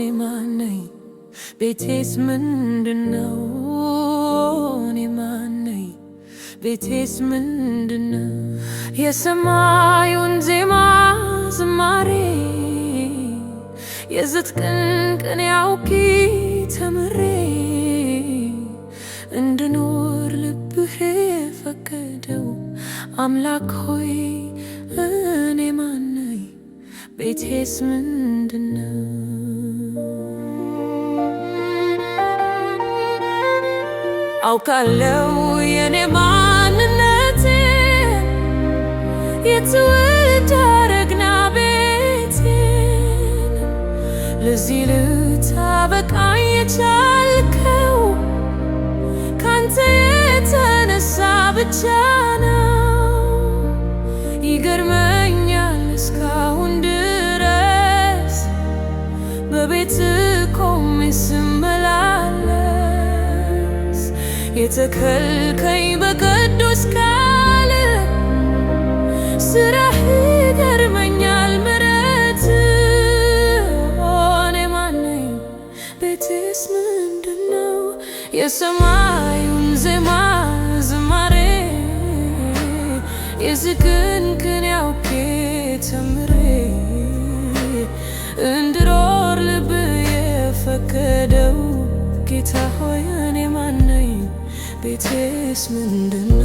እኔ ማነኝ? ቤቴስ ምንድነው? እኔ ማነኝ? ቤቴስ ምንድነው? የሰማዩን ዜማ ዝማሬ የዝት ቅንቅን ያውቂ ተምሬ እንድኖር ልብህ ፈቀደው አምላክ ሆይ እኔ ማነኝ? ቤቴስ ምንድነው? አውቃለው የኔ ማንነት የትውልድ አረግና ቤቴን ለዚህ ልታበቃኝ የቻልከው ካንተ የተነሳ ብቻ ነው። ይገርመኛል እስካሁን ድረስ በቤት ቆሜ ስመላ የተከልከኝ በቅዱስ ቃል ስራህ ይገርመኛል። ምረት ሆኔ ማነኝ ቤትስ ምንድን ነው? የሰማዩን ዜማ ዝማሬ የዝግንግን ያውኬ ተምሬ እንድሮር ልብ የፈቀደው ጌታ Christmas